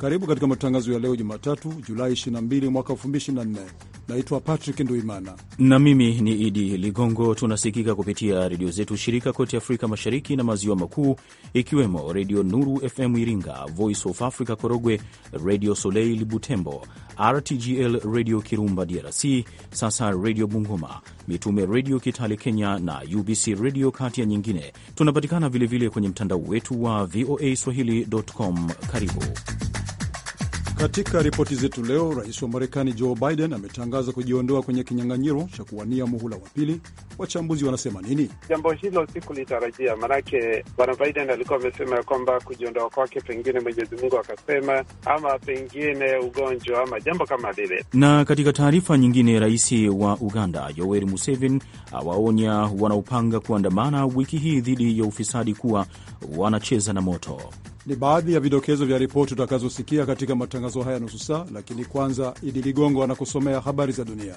Karibu katika matangazo ya leo Jumatatu, Julai 22 mwaka 2024. Naitwa Patrick Nduimana na mimi ni Idi Ligongo. Tunasikika kupitia redio zetu shirika kote Afrika Mashariki na Maziwa Makuu, ikiwemo Redio Nuru FM Iringa, Voice of Africa Korogwe, Redio Soleil Butembo, RTGL Redio Kirumba DRC, Sasa Redio Bungoma, Mitume Redio Kitale Kenya na UBC Redio, kati ya nyingine. Tunapatikana vilevile kwenye mtandao wetu wa VOA swahili.com. Karibu katika ripoti zetu leo, rais wa Marekani Joe Biden ametangaza kujiondoa kwenye kinyang'anyiro cha kuwania muhula wa pili. Wachambuzi wanasema nini? Jambo hilo kulitarajia, maanake bwana Biden alikuwa amesema ya kwamba kujiondoa kwake, pengine Mwenyezi Mungu akasema, ama pengine ugonjwa ama jambo kama lile. Na katika taarifa nyingine, rais wa Uganda Yoweri Museveni awaonya wanaopanga kuandamana wiki hii dhidi ya ufisadi kuwa wanacheza na moto. Ni baadhi ya vidokezo vya ripoti utakazosikia katika matangazo haya nusu saa, lakini kwanza, Idi Ligongo anakusomea habari za dunia.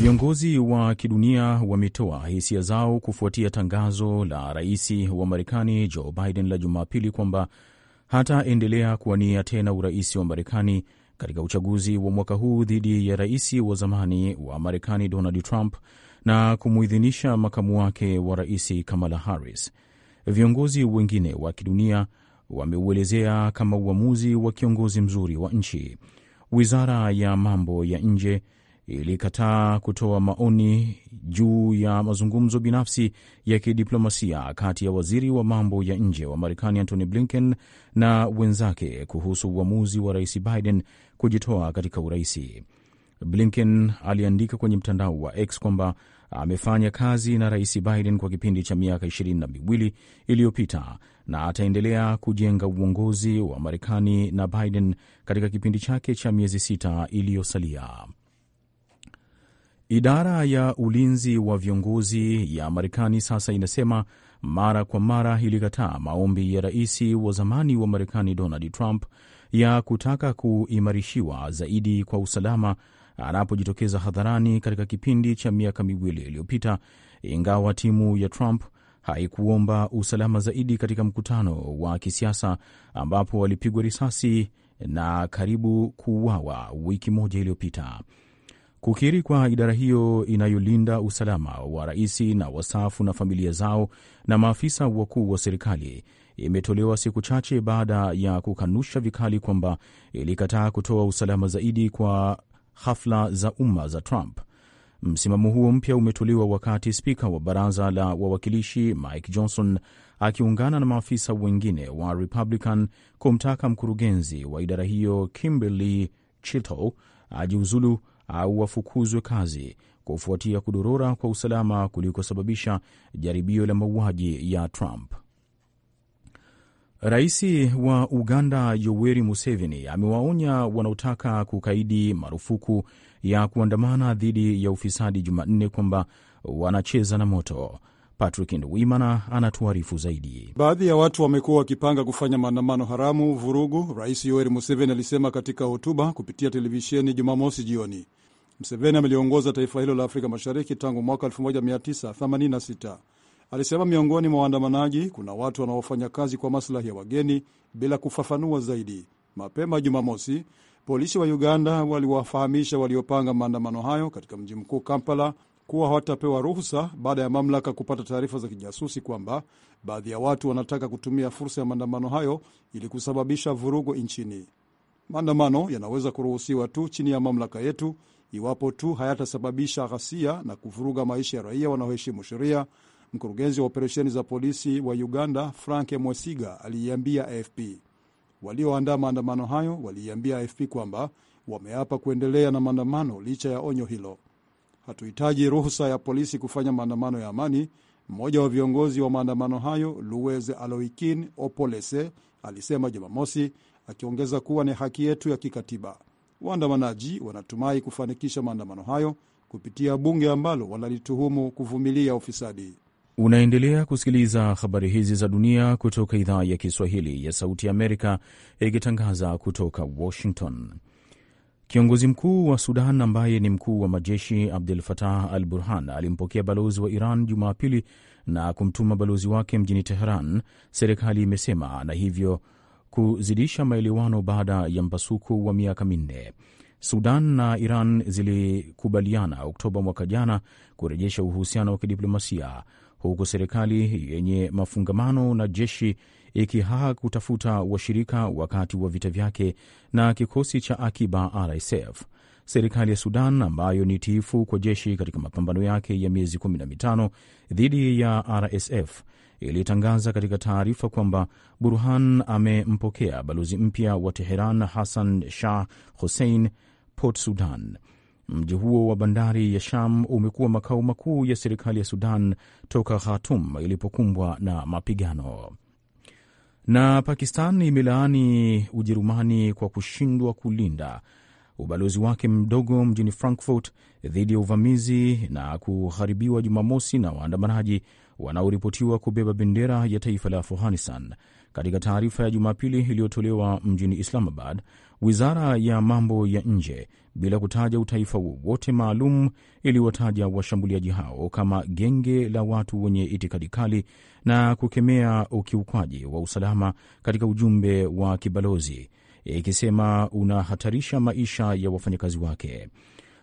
Viongozi wa kidunia wametoa hisia zao kufuatia tangazo la rais wa Marekani Joe Biden la Jumapili kwamba hataendelea kuwania tena urais wa Marekani katika uchaguzi wa mwaka huu dhidi ya rais wa zamani wa Marekani Donald Trump na kumuidhinisha makamu wake wa rais Kamala Harris. Viongozi wengine wa kidunia wameuelezea kama uamuzi wa kiongozi mzuri wa nchi. Wizara ya mambo ya nje ilikataa kutoa maoni juu ya mazungumzo binafsi ya kidiplomasia kati ya waziri wa mambo ya nje wa Marekani Antony Blinken na wenzake kuhusu uamuzi wa rais Biden kujitoa katika uraisi. Blinken aliandika kwenye mtandao wa X kwamba amefanya kazi na Rais Biden kwa kipindi cha miaka ishirini na miwili iliyopita na ataendelea kujenga uongozi wa Marekani na Biden katika kipindi chake cha miezi sita iliyosalia. Idara ya ulinzi wa viongozi ya Marekani sasa inasema mara kwa mara ilikataa maombi ya rais wa zamani wa Marekani Donald Trump ya kutaka kuimarishiwa zaidi kwa usalama anapojitokeza hadharani katika kipindi cha miaka miwili iliyopita, ingawa timu ya Trump haikuomba usalama zaidi katika mkutano wa kisiasa ambapo walipigwa risasi na karibu kuuawa wiki moja iliyopita. Kukiri kwa idara hiyo inayolinda usalama wa rais na wastaafu na familia zao na maafisa wakuu wa serikali imetolewa siku chache baada ya kukanusha vikali kwamba ilikataa kutoa usalama zaidi kwa hafla za umma za Trump. Msimamo huo mpya umetolewa wakati spika wa baraza la wawakilishi Mike Johnson akiungana na maafisa wengine wa Republican kumtaka mkurugenzi wa idara hiyo Kimberly chito ajiuzulu au wafukuzwe kazi kufuatia kudorora kwa usalama kulikosababisha jaribio la mauaji ya Trump. Rais wa Uganda Yoweri Museveni amewaonya wanaotaka kukaidi marufuku ya kuandamana dhidi ya ufisadi Jumanne kwamba wanacheza na moto. Patrick Ndwimana anatuarifu zaidi. Baadhi ya watu wamekuwa wakipanga kufanya maandamano haramu, vurugu, Rais Yoweri Museveni alisema katika hotuba kupitia televisheni Jumamosi jioni. Mseveni ameliongoza taifa hilo la Afrika Mashariki tangu mwaka 1986. Alisema miongoni mwa waandamanaji kuna watu wanaofanya kazi kwa maslahi ya wageni bila kufafanua zaidi. Mapema Jumamosi, polisi wa Uganda waliwafahamisha waliopanga maandamano hayo katika mji mkuu Kampala kuwa hawatapewa ruhusa baada ya mamlaka kupata taarifa za kijasusi kwamba baadhi ya watu wanataka kutumia fursa ya maandamano hayo ili kusababisha vurugu nchini. Maandamano yanaweza kuruhusiwa tu chini ya mamlaka yetu, iwapo tu hayatasababisha ghasia na kuvuruga maisha ya raia wanaoheshimu sheria. Mkurugenzi wa operesheni za polisi wa Uganda Frank Mwesiga aliiambia AFP. Walioandaa maandamano hayo waliiambia AFP kwamba wameapa kuendelea na maandamano licha ya onyo hilo. Hatuhitaji ruhusa ya polisi kufanya maandamano ya amani, mmoja wa viongozi wa maandamano hayo Luweze Aloikin Opolese alisema Jumamosi, akiongeza kuwa ni haki yetu ya kikatiba. Waandamanaji wanatumai kufanikisha maandamano hayo kupitia bunge ambalo wanalituhumu kuvumilia ufisadi. Unaendelea kusikiliza habari hizi za dunia kutoka idhaa ya Kiswahili ya Sauti ya Amerika ikitangaza kutoka Washington. Kiongozi mkuu wa Sudan ambaye ni mkuu wa majeshi abdul fatah al Burhan alimpokea balozi wa Iran Jumapili na kumtuma balozi wake mjini Teheran, serikali imesema, na hivyo kuzidisha maelewano baada ya mpasuko wa miaka minne. Sudan na Iran zilikubaliana Oktoba mwaka jana kurejesha uhusiano wa kidiplomasia huku serikali yenye mafungamano na jeshi ikihaa kutafuta washirika wakati wa vita vyake na kikosi cha akiba RSF. Serikali ya Sudan ambayo ni tiifu kwa jeshi katika mapambano yake ya miezi 15 dhidi ya RSF ilitangaza katika taarifa kwamba Burhan amempokea balozi mpya wa Teheran Hassan Shah Hussein Port Sudan. Mji huo wa bandari ya Sham umekuwa makao makuu ya serikali ya Sudan toka Khartoum ilipokumbwa na mapigano. Na Pakistan imelaani Ujerumani kwa kushindwa kulinda ubalozi wake mdogo mjini Frankfurt dhidi ya uvamizi na kuharibiwa Jumamosi na waandamanaji wanaoripotiwa kubeba bendera ya taifa la Afghanistan. Katika taarifa ya Jumapili iliyotolewa mjini Islamabad, wizara ya mambo ya nje, bila kutaja utaifa wowote maalum, iliwataja washambuliaji hao kama genge la watu wenye itikadi kali na kukemea ukiukwaji wa usalama katika ujumbe wa kibalozi, ikisema unahatarisha maisha ya wafanyakazi wake.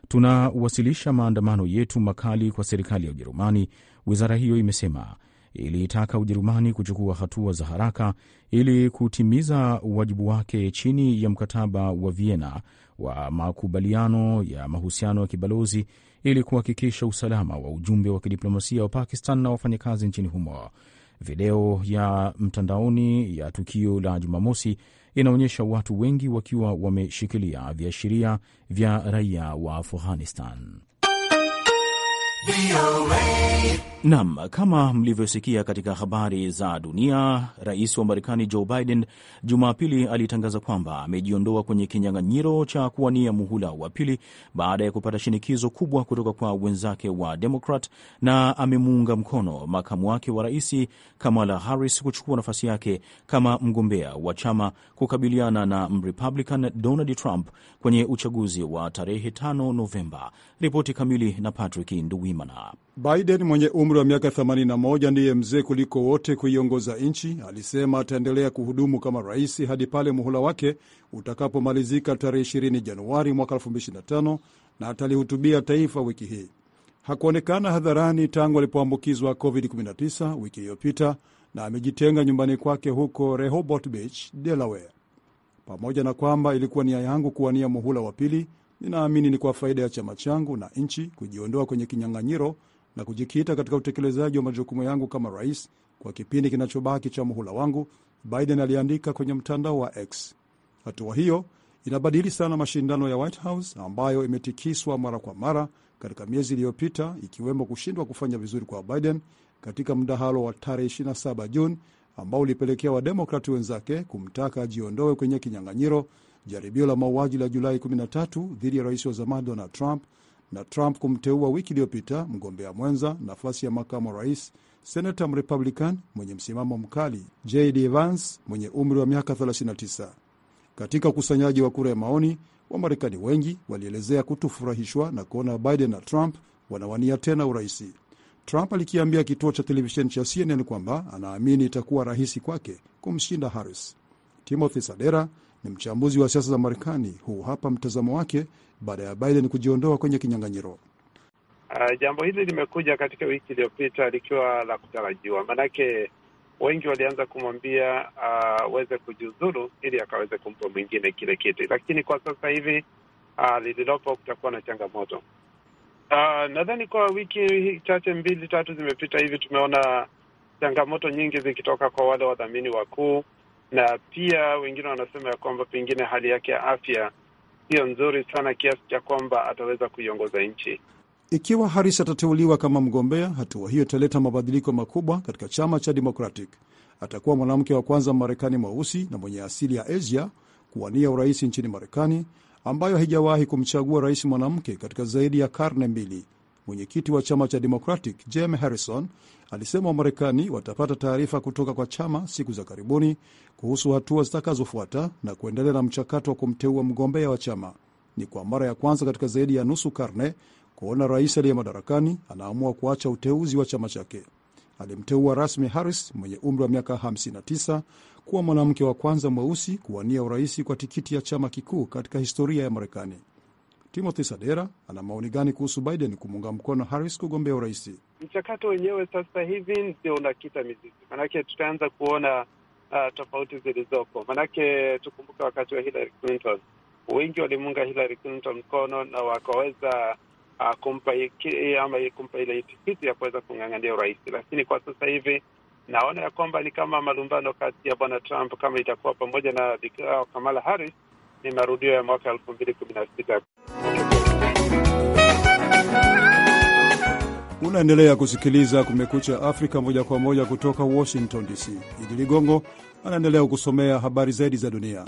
Tunawasilisha maandamano yetu makali kwa serikali ya Ujerumani Wizara hiyo imesema iliitaka Ujerumani kuchukua hatua za haraka ili kutimiza wajibu wake chini ya mkataba wa Vienna wa makubaliano ya mahusiano ya kibalozi ili kuhakikisha usalama wa ujumbe wa kidiplomasia wa Pakistan na wafanyakazi nchini humo. Video ya mtandaoni ya tukio la Jumamosi inaonyesha watu wengi wakiwa wameshikilia viashiria vya raia wa Afghanistan. Nam, kama mlivyosikia katika habari za dunia, rais wa Marekani Joe Biden Jumapili alitangaza kwamba amejiondoa kwenye kinyang'anyiro cha kuwania muhula wa pili baada ya kupata shinikizo kubwa kutoka kwa wenzake wa Demokrat, na amemuunga mkono makamu wake wa rais Kamala Harris kuchukua nafasi yake kama mgombea wa chama kukabiliana na Mrepublican Donald Trump kwenye uchaguzi wa tarehe 5 Novemba Ripoti kamili na Patrick Nduwimana. Biden mwenye umri wa miaka 81 ndiye mzee kuliko wote kuiongoza nchi. Alisema ataendelea kuhudumu kama rais hadi pale muhula wake utakapomalizika tarehe 20 Januari mwaka 2025 na atalihutubia taifa wiki hii. Hakuonekana hadharani tangu alipoambukizwa COVID-19 wiki iliyopita na amejitenga nyumbani kwake huko Rehoboth Beach, Delaware. Pamoja na kwamba ilikuwa nia yangu kuwania muhula wa pili, Ninaamini ni kwa faida ya chama changu na nchi kujiondoa kwenye kinyang'anyiro na kujikita katika utekelezaji wa majukumu yangu kama rais kwa kipindi kinachobaki cha muhula wangu, Biden aliandika kwenye mtandao wa X. Hatua hiyo inabadili sana mashindano ya White House ambayo imetikiswa mara kwa mara katika miezi iliyopita, ikiwemo kushindwa kufanya vizuri kwa Biden katika mdahalo wa tarehe 27 Juni ambao ulipelekea wademokrati wenzake kumtaka ajiondoe kwenye kinyang'anyiro jaribio la mauaji la Julai 13 dhidi ya rais wa zamani Donald Trump na Trump kumteua wiki iliyopita mgombea mwenza nafasi ya makamu wa rais senata mrepublican mwenye msimamo mkali JD Vance mwenye umri wa miaka 39. Katika ukusanyaji wa kura ya maoni, Wamarekani wengi walielezea kutofurahishwa na kuona Biden na Trump wanawania tena uraisi. Trump alikiambia kituo cha televisheni cha CNN kwamba anaamini itakuwa rahisi kwake kumshinda Harris. Timothy Sadera ni mchambuzi wa siasa za Marekani. Huu hapa mtazamo wake baada ya Biden kujiondoa kwenye kinyang'anyiro. Uh, jambo hili limekuja katika wiki iliyopita likiwa la kutarajiwa, maanake wengi walianza kumwambia ah, aweze uh, kujiuzulu ili akaweze kumpa mwingine kile kiti, lakini kwa sasa hivi uh, lililopo kutakuwa na changamoto uh, nadhani kwa wiki chache mbili tatu zimepita hivi tumeona changamoto nyingi zikitoka kwa wale wadhamini wakuu na pia wengine wanasema ya kwamba pengine hali yake ya afya siyo nzuri sana kiasi cha kwamba ataweza kuiongoza nchi. Ikiwa Harris atateuliwa kama mgombea, hatua hiyo italeta mabadiliko makubwa katika chama cha Democratic. Atakuwa mwanamke wa kwanza Marekani mweusi na mwenye asili ya Asia kuwania urais nchini Marekani, ambayo haijawahi kumchagua rais mwanamke katika zaidi ya karne mbili. Mwenyekiti wa chama cha Democratic Jim Harrison alisema Wamarekani watapata taarifa kutoka kwa chama siku za karibuni kuhusu hatua zitakazofuata na kuendelea na mchakato wa kumteua mgombea wa chama. Ni kwa mara ya kwanza katika zaidi ya nusu karne kuona rais aliye madarakani anaamua kuacha uteuzi wa chama chake. Alimteua rasmi Harris mwenye umri wa miaka 59 kuwa mwanamke wa kwanza mweusi kuwania urais kwa tikiti ya chama kikuu katika historia ya Marekani. Timothy Sadera ana maoni gani kuhusu Biden kumuunga mkono Harris kugombea urais? Mchakato wenyewe sasa hivi ndio unakita mizizi, manake tutaanza kuona uh, tofauti zilizopo, manake tukumbuka wakati wa Hillary Clinton wengi walimuunga Hillary Clinton mkono na wakaweza uh, kumpa ama kumpa ile tikiti ya kuweza kung'ang'ania urais, lakini kwa sasa hivi naona ya kwamba ni kama malumbano kati ya bwana Trump, kama itakuwa pamoja na Kamala Harris ni marudio ya mwaka elfu mbili kumi na sita. Unaendelea kusikiliza Kumekucha Afrika moja kwa moja kutoka Washington DC. Idi Ligongo anaendelea kukusomea habari zaidi za dunia.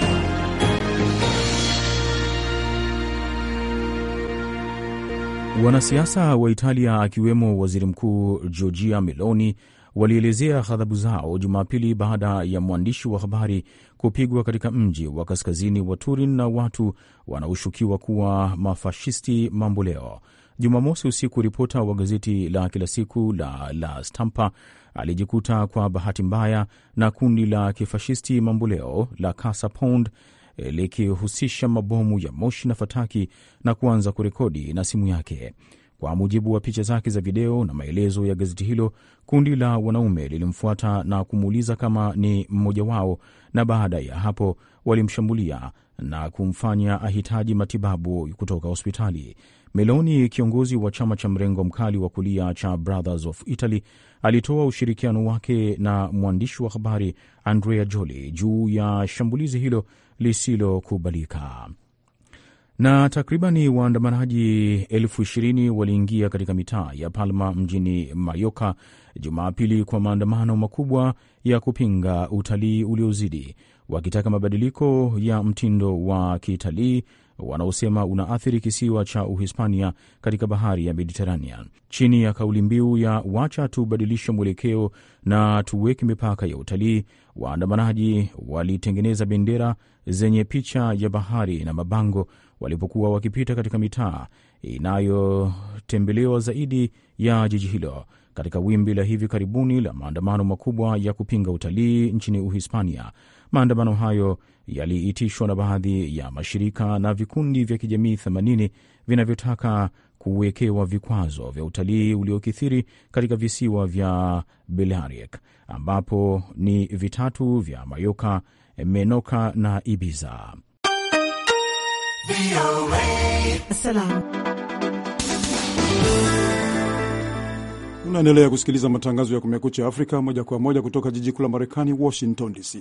Wanasiasa wa Italia akiwemo waziri mkuu Giorgia Meloni walielezea ghadhabu zao Jumapili baada ya mwandishi wa habari kupigwa katika mji wa kaskazini wa Turin na watu wanaoshukiwa kuwa mafashisti mamboleo. Jumamosi usiku, ripota wa gazeti la kila siku la La Stampa alijikuta kwa bahati mbaya na kundi la kifashisti mamboleo la Casa Pound eh, likihusisha mabomu ya moshi na fataki na kuanza kurekodi na simu yake. Kwa mujibu wa picha zake za video na maelezo ya gazeti hilo, kundi la wanaume lilimfuata na kumuuliza kama ni mmoja wao, na baada ya hapo walimshambulia na kumfanya ahitaji matibabu kutoka hospitali. Meloni, kiongozi wa chama cha mrengo mkali wa kulia cha Brothers of Italy, alitoa ushirikiano wake na mwandishi wa habari Andrea Joli juu ya shambulizi hilo lisilokubalika na takribani waandamanaji elfu ishirini waliingia katika mitaa ya Palma mjini Mayoka Jumapili kwa maandamano makubwa ya kupinga utalii uliozidi, wakitaka mabadiliko ya mtindo wa kitalii wanaosema unaathiri kisiwa cha Uhispania katika bahari ya Mediterania, chini ya kauli mbiu ya wacha tubadilishe mwelekeo na tuweke mipaka ya utalii. Waandamanaji walitengeneza bendera zenye picha ya bahari na mabango walipokuwa wakipita katika mitaa inayotembelewa zaidi ya jiji hilo katika wimbi la hivi karibuni la maandamano makubwa ya kupinga utalii nchini Uhispania. Maandamano hayo yaliitishwa na baadhi ya mashirika na vikundi vya kijamii 80 vinavyotaka kuwekewa vikwazo vya utalii uliokithiri katika visiwa vya Balearic, ambapo ni vitatu vya Mayoka, Menoka na Ibiza. Unaendelea kusikiliza matangazo ya Kumekucha Afrika moja kwa moja kutoka jiji kuu la Marekani, Washington DC.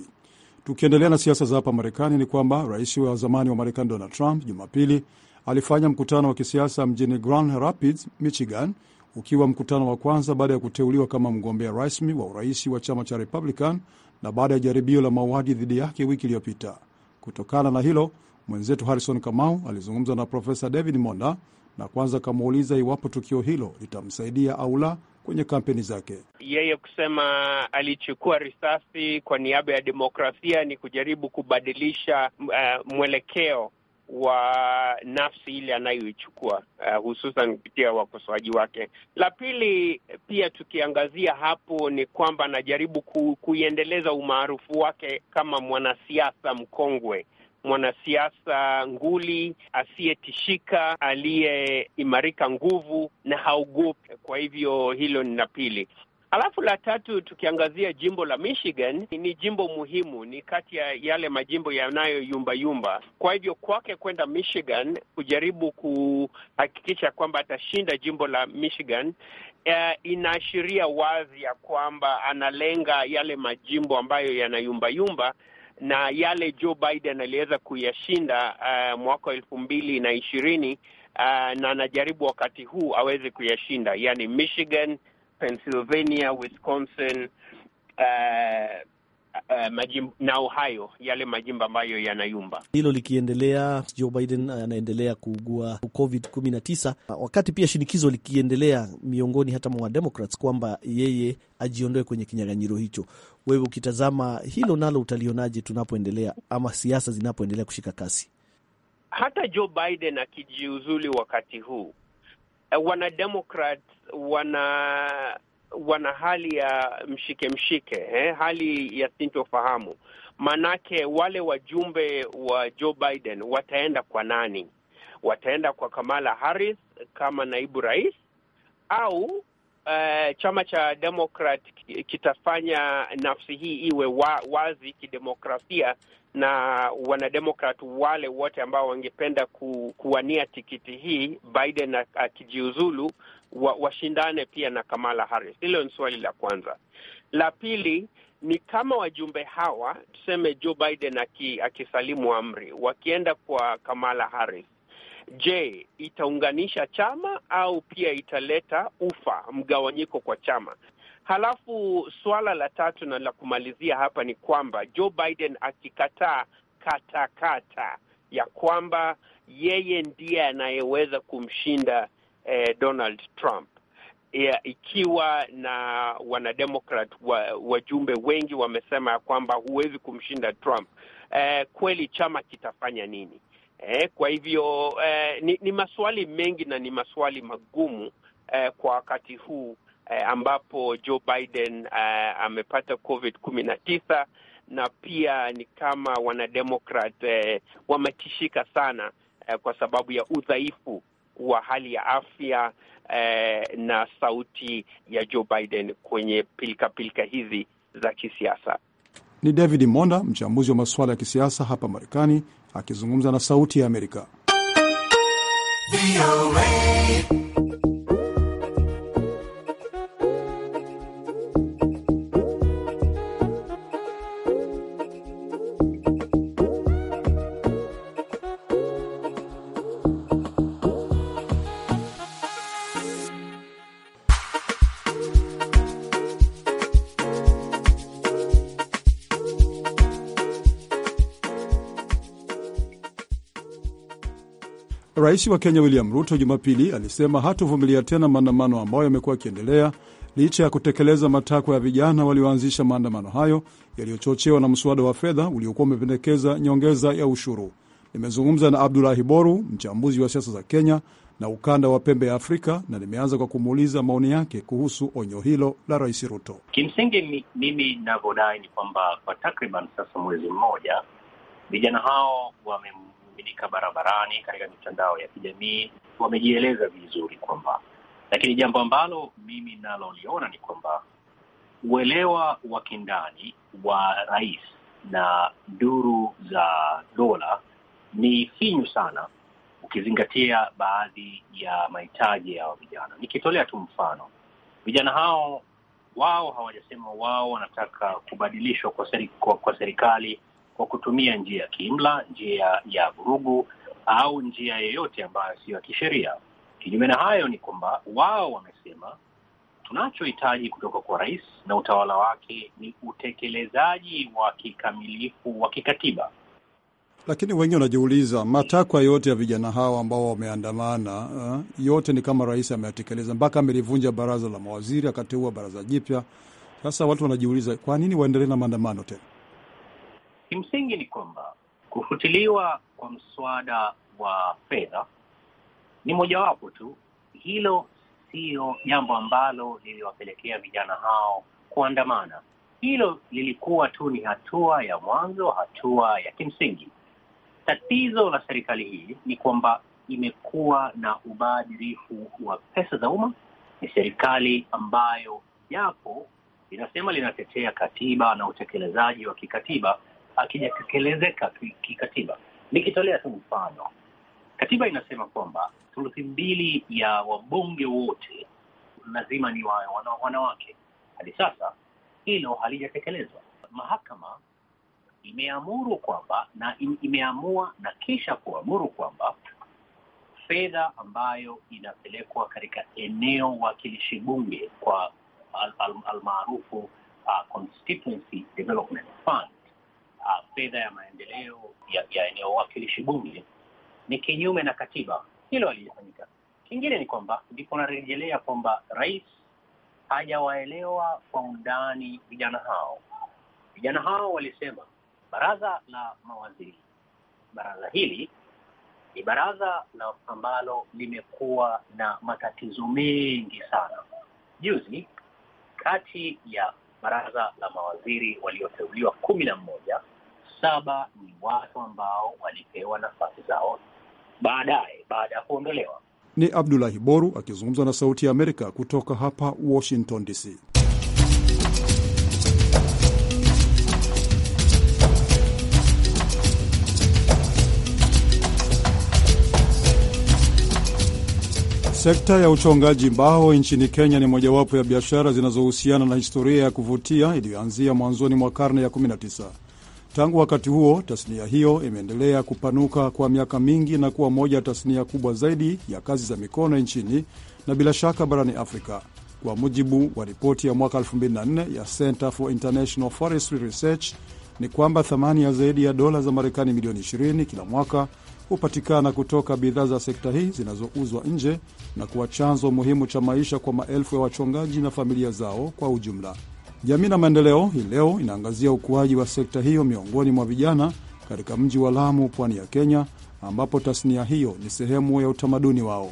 Tukiendelea na siasa za hapa Marekani, ni kwamba rais wa zamani wa Marekani Donald Trump Jumapili alifanya mkutano wa kisiasa mjini Grand Rapids, Michigan, ukiwa mkutano wa kwanza baada ya kuteuliwa kama mgombea rasmi wa urais wa chama cha Republican na baada ya jaribio la mauaji dhidi yake wiki iliyopita. Kutokana na hilo Mwenzetu Harrison Kamau alizungumza na Profesa David Monda na kwanza akamuuliza iwapo tukio hilo litamsaidia au la kwenye kampeni zake. Yeye kusema alichukua risasi kwa niaba ya demokrasia ni kujaribu kubadilisha uh, mwelekeo wa nafsi ile anayoichukua uh, hususan kupitia wakosoaji wake. La pili pia tukiangazia hapo ni kwamba anajaribu ku, kuiendeleza umaarufu wake kama mwanasiasa mkongwe mwanasiasa nguli asiyetishika, aliyeimarika nguvu na haogopi. Kwa hivyo hilo ni la pili. Alafu la tatu, tukiangazia jimbo la Michigan, ni jimbo muhimu, ni kati ya yale majimbo yanayoyumbayumba. Kwa hivyo kwake kwenda Michigan kujaribu kuhakikisha kwamba atashinda jimbo la Michigan eh, inaashiria wazi ya kwamba analenga yale majimbo ambayo yanayumbayumba na yale Joe Biden aliweza kuyashinda uh, mwaka wa elfu mbili na ishirini uh, na anajaribu wakati huu aweze kuyashinda, yani Michigan, Pennsylvania, Wisconsin, uh, uh, eh, majimbo na Ohio, yale majimbo ambayo yanayumba. Hilo likiendelea, Joe Biden eh, anaendelea kuugua COVID 19, eh, wakati pia shinikizo likiendelea miongoni hata mwa Democrats kwamba yeye ajiondoe kwenye kinyang'anyiro hicho. Wewe ukitazama hilo nalo utalionaje tunapoendelea ama siasa zinapoendelea kushika kasi? Hata Joe Biden akijiuzuli wakati huu, wanademokrat wana wana hali ya mshike mshike eh, hali ya sintofahamu, maanake wale wajumbe wa Joe Biden wataenda kwa nani? Wataenda kwa Kamala Harris kama naibu rais au Uh, chama cha demokrat kitafanya nafsi hii iwe wa, wazi kidemokrasia na wanademokrat wale wote ambao wangependa ku, kuwania tikiti hii Biden akijiuzulu wa, washindane pia na Kamala Harris. Hilo ni swali la kwanza. La pili ni kama wajumbe hawa tuseme Joe Biden aki, akisalimu amri wakienda kwa Kamala Harris, je, itaunganisha chama au pia italeta ufa mgawanyiko kwa chama? Halafu suala la tatu na la kumalizia hapa ni kwamba Joe Biden akikataa katakata ya kwamba yeye ndiye anayeweza kumshinda eh, Donald Trump ya, ikiwa na wanademokrat wa, wajumbe wengi wamesema ya kwamba huwezi kumshinda Trump eh, kweli chama kitafanya nini? Eh, kwa hivyo eh, ni, ni maswali mengi na ni maswali magumu eh, kwa wakati huu eh, ambapo Joe Biden eh, amepata COVID kumi na tisa na pia ni kama wanademokrat eh, wametishika sana eh, kwa sababu ya udhaifu wa hali ya afya eh, na sauti ya Joe Biden kwenye pilikapilika hizi za kisiasa. Ni David Monda, mchambuzi wa masuala ya kisiasa hapa Marekani, akizungumza na Sauti ya Amerika. Rais wa Kenya William Ruto Jumapili alisema hatovumilia tena maandamano ambayo yamekuwa yakiendelea licha ya kutekeleza matakwa ya vijana walioanzisha maandamano hayo yaliyochochewa na mswada wa fedha uliokuwa umependekeza nyongeza ya ushuru. Nimezungumza na Abdulahi Boru, mchambuzi wa siasa za Kenya na ukanda wa pembe ya Afrika, na nimeanza kwa kumuuliza maoni yake kuhusu onyo hilo la Rais Ruto. Kimsingi mimi navyodai ni kwamba kwa takriban sasa mwezi mmoja vijana hao wame kuaminika barabarani, katika mitandao ya kijamii, wamejieleza vizuri kwamba, lakini jambo ambalo mimi naloliona ni kwamba uelewa wa kindani wa rais na duru za dola ni finyu sana, ukizingatia baadhi ya mahitaji ya vijana. Nikitolea tu mfano, vijana hao wao hawajasema wao wanataka kubadilishwa kwa, seri, kwa, kwa serikali kwa kutumia njia ya kiimla, njia ya vurugu au njia yoyote ambayo siyo ya kisheria. Kinyume na hayo ni kwamba wao wamesema tunachohitaji kutoka kwa rais na utawala wake ni utekelezaji wa kikamilifu wa kikatiba. Lakini wengi wanajiuliza matakwa yote ya vijana hawa ambao wameandamana, uh, yote ni kama rais ameyatekeleza, mpaka amelivunja baraza la mawaziri, akateua baraza jipya. Sasa watu wanajiuliza kwa nini waendelee na maandamano tena? Kimsingi ni kwamba kufutiliwa kwa mswada wa fedha ni mojawapo tu. Hilo siyo jambo ambalo liliwapelekea vijana hao kuandamana. Hilo lilikuwa tu ni hatua ya mwanzo, hatua ya kimsingi. Tatizo la serikali hii ni kwamba imekuwa na ubadhirifu wa pesa za umma. Ni serikali ambayo japo linasema linatetea katiba na utekelezaji wa kikatiba, akijatekelezeka kikatiba. Nikitolea tu mfano, katiba inasema kwamba thuluthi mbili ya wabunge wote lazima ni wanawake. Hadi sasa hilo halijatekelezwa. Mahakama imeamuru kwamba na imeamua na kisha kuamuru kwamba fedha ambayo inapelekwa katika eneo wakilishi bunge kwa almaarufu al, al uh, Constituency Development Fund fedha ya maendeleo ya, ya eneo wakilishi bunge ni kinyume na katiba. Hilo halijafanyika. Kingine ni kwamba ndipo narejelea kwamba rais hajawaelewa kwa undani vijana hao. Vijana hao walisema baraza la mawaziri, baraza hili ni baraza la ambalo limekuwa na matatizo mengi sana. Juzi kati ya baraza la mawaziri walioteuliwa kumi na mmoja saba ni watu ambao walipewa nafasi zao baadaye baada ya kuondolewa. Ni Abdulahi Boru akizungumza na Sauti ya Amerika kutoka hapa Washington DC. Sekta ya uchongaji mbao nchini Kenya ni mojawapo ya biashara zinazohusiana na historia ya kuvutia iliyoanzia mwanzoni mwa karne ya 19. Tangu wakati huo, tasnia hiyo imeendelea kupanuka kwa miaka mingi na kuwa moja ya tasnia kubwa zaidi ya kazi za mikono nchini na bila shaka barani Afrika, kwa mujibu wa ripoti ya mwaka 2004 ya Center for International Forestry Research ni kwamba thamani ya zaidi ya dola za Marekani milioni 20 kila mwaka hupatikana kutoka bidhaa za sekta hii zinazouzwa nje na kuwa chanzo muhimu cha maisha kwa maelfu ya wachongaji na familia zao kwa ujumla. Jamii na Maendeleo hii leo inaangazia ukuaji wa sekta hiyo miongoni mwa vijana katika mji wa Lamu, pwani ya Kenya, ambapo tasnia hiyo ni sehemu ya utamaduni wao.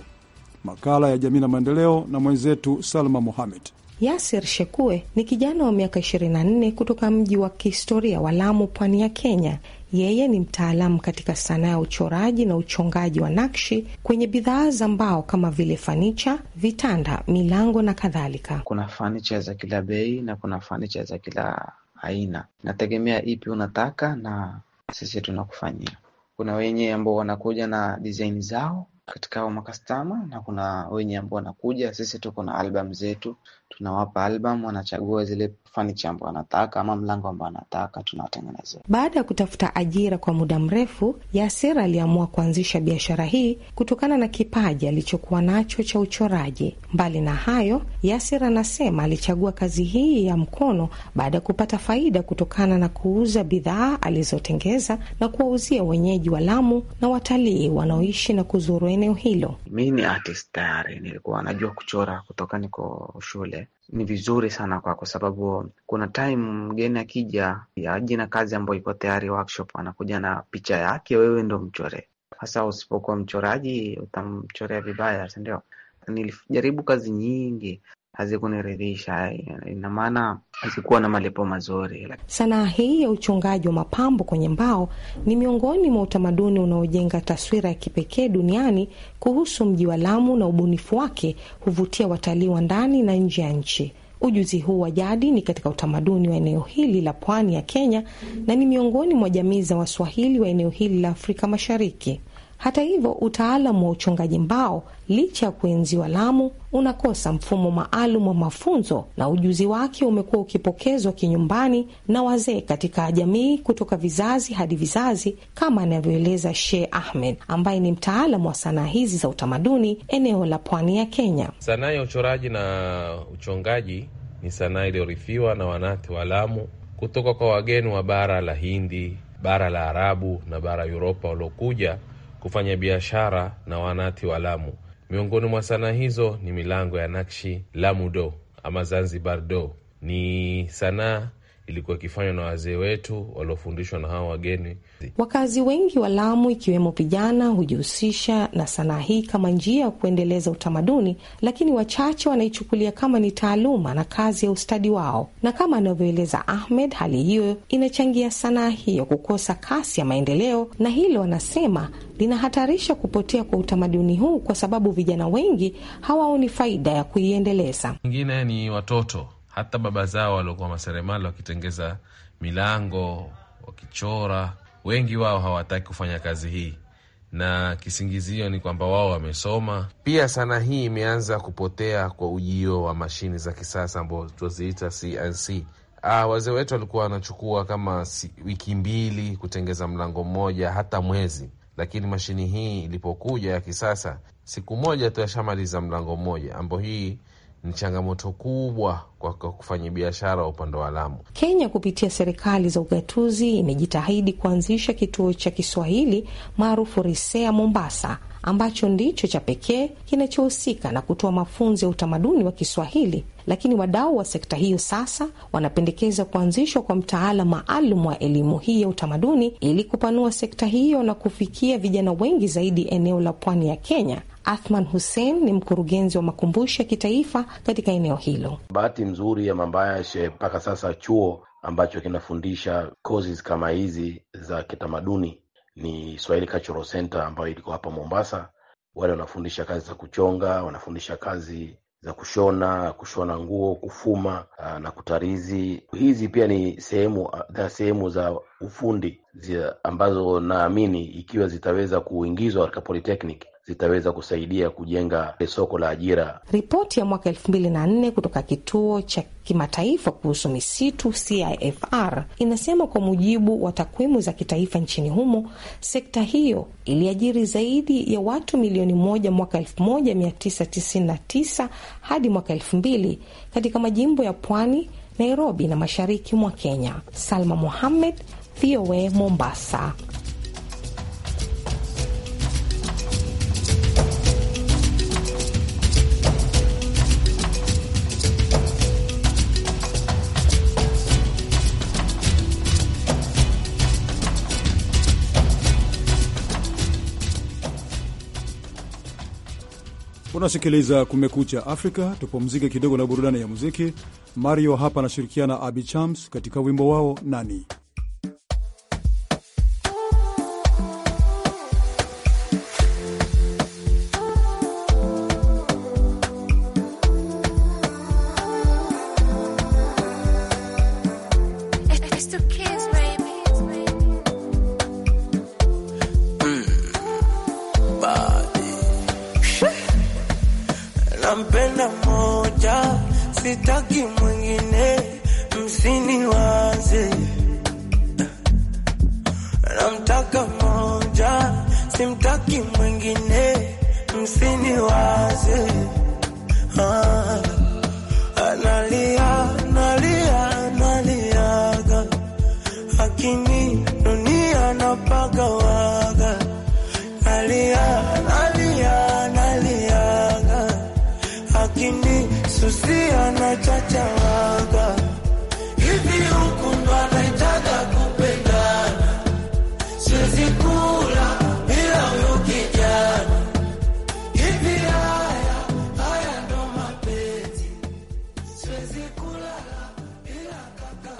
Makala ya Jamii na Maendeleo na mwenzetu Salma Mohamed. Yasir Shekue ni kijana wa miaka 24 kutoka mji wa kihistoria wa Lamu, pwani ya Kenya. Yeye ni mtaalamu katika sanaa ya uchoraji na uchongaji wa nakshi kwenye bidhaa za mbao kama vile fanicha, vitanda, milango na kadhalika. Kuna fanicha za kila bei na kuna fanicha za kila aina, nategemea ipi unataka na sisi tunakufanyia. Kuna wenye ambao wanakuja na design zao katika makastama na kuna wenye ambao wanakuja, sisi tuko na albamu zetu tunawapa albamu, wanachagua zile fanicha ambao wanataka ama mlango ambao wanataka tunawatengenezea. Baada ya kutafuta ajira kwa muda mrefu, Yasir aliamua kuanzisha biashara hii kutokana na kipaji alichokuwa nacho cha uchoraji. Mbali na hayo, Yasir anasema alichagua kazi hii ya mkono baada ya kupata faida kutokana na kuuza bidhaa alizotengeza na kuwauzia wenyeji wa Lamu na watalii wanaoishi na kuzuru eneo hilo. Mi ni artist tayari, nilikuwa najua kuchora kutoka niko shule. Ni vizuri sana kwa kwa sababu kuna time mgeni akija aji na kazi ambayo iko tayari workshop, anakuja na picha yake, wewe ndo mchore. Hasa usipokuwa mchoraji utamchorea vibaya, sindio? Nilijaribu kazi nyingi hazikuniridhisha, eh, ina maana hazikuwa na malipo mazuri. Sanaa hii ya uchongaji wa mapambo kwenye mbao ni miongoni mwa utamaduni unaojenga taswira ya kipekee duniani kuhusu mji wa Lamu, na ubunifu wake huvutia watalii wa ndani na nje ya nchi. Ujuzi huu wa jadi ni katika utamaduni wa eneo hili la pwani ya Kenya na ni miongoni mwa jamii za Waswahili wa eneo hili la Afrika Mashariki. Hata hivyo, utaalamu wa uchongaji mbao licha ya kuenziwa Lamu unakosa mfumo maalum wa mafunzo na ujuzi wake umekuwa ukipokezwa kinyumbani na wazee katika jamii kutoka vizazi hadi vizazi, kama anavyoeleza sheh Ahmed ambaye ni mtaalamu wa sanaa hizi za utamaduni eneo la pwani ya Kenya. Sanaa ya uchoraji na uchongaji ni sanaa iliyorithiwa na wanati wa Lamu kutoka kwa wageni wa bara la Hindi, bara la Arabu na bara Uropa waliokuja kufanya biashara na wanati wa Lamu. Miongoni mwa sanaa hizo ni milango ya nakshi, Lamu do ama Zanzibar do, ni sanaa ilikuwa ikifanywa na wazee wetu waliofundishwa na hawa wageni. Wakazi wengi wa Lamu ikiwemo vijana hujihusisha na sanaa hii kama njia ya kuendeleza utamaduni, lakini wachache wanaichukulia kama ni taaluma na kazi ya ustadi wao. Na kama anavyoeleza Ahmed, hali hiyo inachangia sanaa hiyo kukosa kasi ya maendeleo, na hilo wanasema linahatarisha kupotea kwa utamaduni huu, kwa sababu vijana wengi hawaoni faida ya kuiendeleza. Ingine ni watoto hata baba zao waliokuwa maseremala wakitengeza milango, wakichora, wengi wao hawataki kufanya kazi hii, na kisingizio ni kwamba wao wamesoma. Pia sanaa hii imeanza kupotea kwa ujio wa mashini za kisasa ambao tunaziita CNC. Ah, wazee wetu walikuwa wanachukua kama wiki mbili kutengeza mlango mmoja, hata mwezi, lakini mashini hii ilipokuja ya kisasa, siku moja tu yashamaliza mlango mmoja, ambao hii ni changamoto kubwa kwa kufanya biashara wa upande wa Lamu. Kenya kupitia serikali za ugatuzi imejitahidi kuanzisha kituo cha Kiswahili maarufu Risea Mombasa, ambacho ndicho cha pekee kinachohusika na kutoa mafunzo ya utamaduni wa Kiswahili. Lakini wadau wa sekta hiyo sasa wanapendekeza kuanzishwa kwa mtaala maalum wa elimu hii ya utamaduni ili kupanua sekta hiyo na kufikia vijana wengi zaidi eneo la pwani ya Kenya Athman Hussein ni mkurugenzi wa makumbusho ya kitaifa katika eneo hilo. Bahati mzuri ya she, mpaka sasa chuo ambacho kinafundisha kozi kama hizi za kitamaduni ni Swahili Cultural Center ambayo iliko hapa Mombasa. Wale wanafundisha kazi za kuchonga, wanafundisha kazi za kushona, kushona nguo, kufuma ah, na kutarizi. Hizi pia ni sehemu ah, za sehemu za ufundi zi ambazo naamini ikiwa zitaweza kuingizwa katika polytechnic zitaweza kusaidia kujenga soko la ajira. Ripoti ya mwaka elfu mbili na nne kutoka kituo cha kimataifa kuhusu misitu CIFR inasema kwa mujibu wa takwimu za kitaifa nchini humo, sekta hiyo iliajiri zaidi ya watu milioni moja mwaka 1999 hadi mwaka elfu mbili katika majimbo ya Pwani, Nairobi na mashariki mwa Kenya. Salma Mohammed, VOA Mombasa. Unasikiliza Kumekucha Afrika. Tupumzike kidogo na burudani ya muziki. Mario hapa anashirikiana Abi Chams katika wimbo wao nani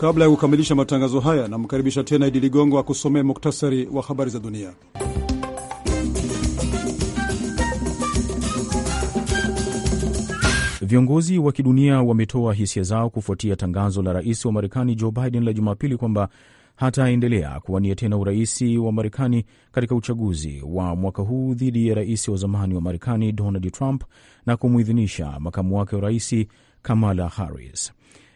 Kabla ya kukamilisha matangazo haya, namkaribisha tena Idi Ligongo akusomee muktasari wa habari za dunia. Viongozi wa kidunia wametoa hisia zao kufuatia tangazo la rais wa Marekani Joe Biden la Jumapili kwamba hataendelea kuwania tena urais wa Marekani katika uchaguzi wa mwaka huu dhidi ya rais wa zamani wa Marekani Donald Trump na kumwidhinisha makamu wake wa rais Kamala Harris.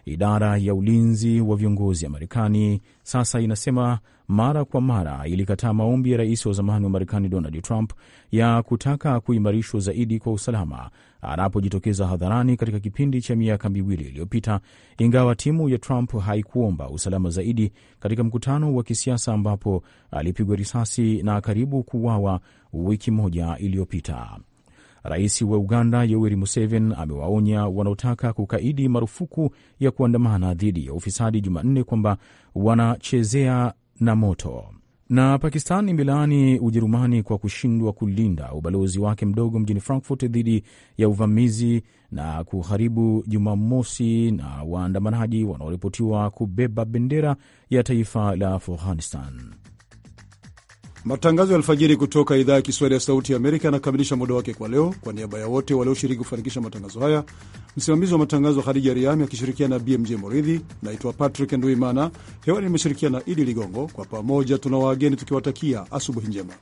Idara ya ulinzi wa viongozi ya Marekani sasa inasema mara kwa mara ilikataa maombi ya rais wa zamani wa Marekani Donald Trump ya kutaka kuimarishwa zaidi kwa usalama anapojitokeza hadharani katika kipindi cha miaka miwili iliyopita, ingawa timu ya Trump haikuomba usalama zaidi katika mkutano wa kisiasa ambapo alipigwa risasi na karibu kuuawa wiki moja iliyopita. Rais wa Uganda Yoweri Museveni amewaonya wanaotaka kukaidi marufuku ya kuandamana dhidi ya ufisadi Jumanne kwamba wanachezea na moto. Na Pakistan imelaani Ujerumani kwa kushindwa kulinda ubalozi wake mdogo mjini Frankfurt dhidi ya uvamizi na kuharibu Jumamosi na waandamanaji wanaoripotiwa kubeba bendera ya taifa la Afghanistan. Matangazo ya alfajiri kutoka idhaa ya Kiswahili ya Sauti ya Amerika yanakamilisha muda wake kwa leo. Kwa niaba ya wote walioshiriki kufanikisha matangazo haya, msimamizi wa matangazo Khadija Riami akishirikiana na BMJ Moridhi. Naitwa Patrick Nduimana, hewani nimeshirikiana na Idi Ligongo. Kwa pamoja tuna wageni tukiwatakia asubuhi njema.